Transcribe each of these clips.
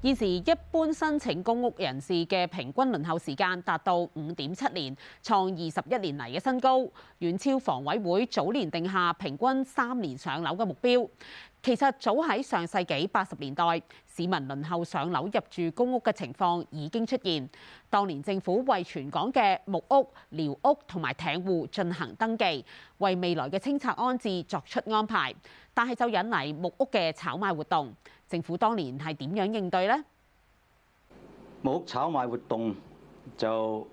現時，一般申請公屋人士嘅平均輪候時間達到五點七年，創二十一年嚟嘅新高，遠超房委會早年定下平均三年上樓嘅目標。其實，早喺上世紀八十年代，市民輪候上樓入住公屋嘅情況已經出現。當年政府為全港嘅木屋、寮屋同埋艇戶進行登記，為未來嘅清拆安置作出安排。但係，就引嚟木屋嘅炒賣活動。政府當年係點樣應對咧？木屋炒賣活動就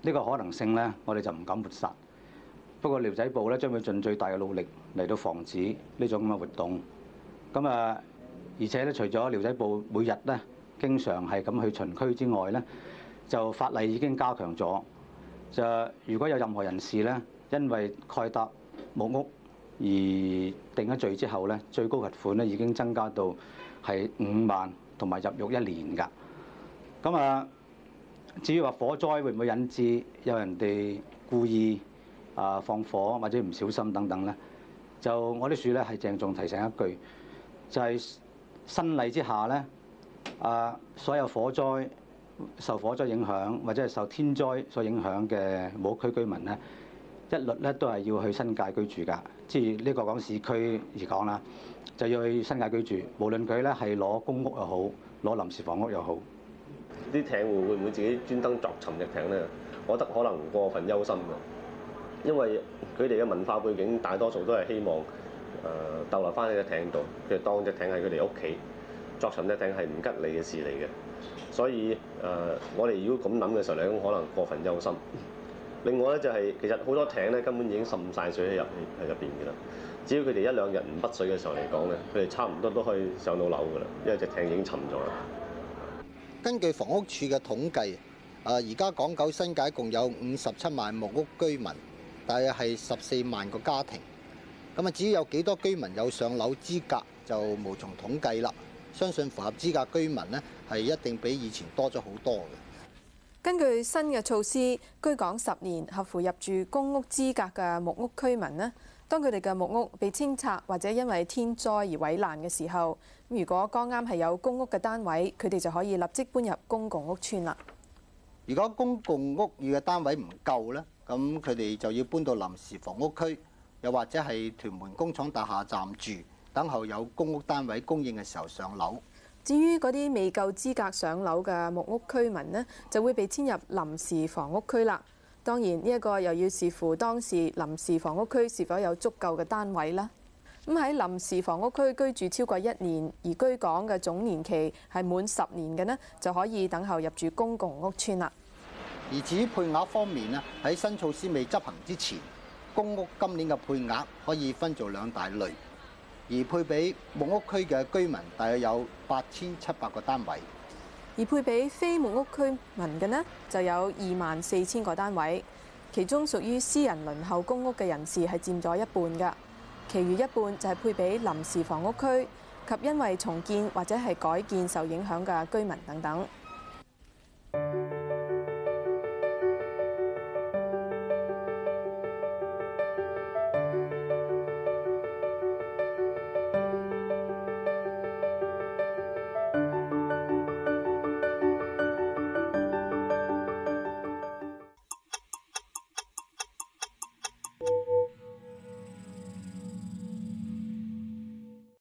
呢個可能性咧，我哋就唔敢抹殺。不過，寮仔部咧將會盡最大嘅努力嚟到防止呢種咁嘅活動。咁啊，而且咧，除咗寮仔部每日咧經常係咁去巡區之外咧，就法例已經加強咗。就如果有任何人士咧，因為蓋搭木屋。而定咗罪之後咧，最高罰款咧已經增加到係五萬，同埋入獄一年㗎。咁啊，至於話火災會唔會引致有人哋故意啊放火，或者唔小心等等咧，就我啲説咧係鄭重提醒一句，就係新例之下咧，啊所有火災受火災影響，或者係受天災所影響嘅冇區居民咧。一律咧都係要去新界居住㗎，即係呢個講市區而講啦，就要去新界居住，無論佢咧係攞公屋又好，攞臨時房屋又好。啲艇戶會唔會自己專登作沉隻艇咧？我覺得可能過分憂心嘅，因為佢哋嘅文化背景大多數都係希望誒逗留翻喺隻艇度，佢當隻艇係佢哋屋企，作沉隻艇係唔吉利嘅事嚟嘅，所以誒我哋如果咁諗嘅時候咧，可能過分憂心。另外咧就係，其實好多艇咧根本已經滲晒水喺入喺入邊嘅啦。只要佢哋一兩日唔濁水嘅時候嚟講咧，佢哋差唔多都可以上到樓嘅啦，因為隻艇已經沉咗啦。根據房屋署嘅統計，誒而家港九新界共有五十七萬木屋居民，大約係十四萬個家庭。咁啊，至於有幾多居民有上樓資格，就無從統計啦。相信符合資格居民咧，係一定比以前多咗好多嘅。根據新嘅措施，居港十年合乎入住公屋資格嘅木屋區民呢，當佢哋嘅木屋被清拆或者因為天災而毀爛嘅時候，如果剛啱係有公屋嘅單位，佢哋就可以立即搬入公共屋邨啦。如果公共屋宇嘅單位唔夠呢，咁佢哋就要搬到臨時房屋區，又或者係屯門工廠大廈暫住，等候有公屋單位供應嘅時候上樓。至於嗰啲未夠資格上樓嘅木屋居民呢，就會被遷入臨時房屋區啦。當然呢一個又要視乎當時臨時房屋區是否有足夠嘅單位啦。咁喺臨時房屋區居住超過一年而居港嘅總年期係滿十年嘅呢，就可以等候入住公共屋邨啦。而至於配額方面啊，喺新措施未執行之前，公屋今年嘅配額可以分做兩大類。而配俾木屋區嘅居民，大約有八千七百個單位；而配俾非木屋區民嘅呢，就有二萬四千個單位。其中屬於私人輪候公屋嘅人士係佔咗一半嘅，其餘一半就係配俾臨時房屋區及因為重建或者係改建受影響嘅居民等等。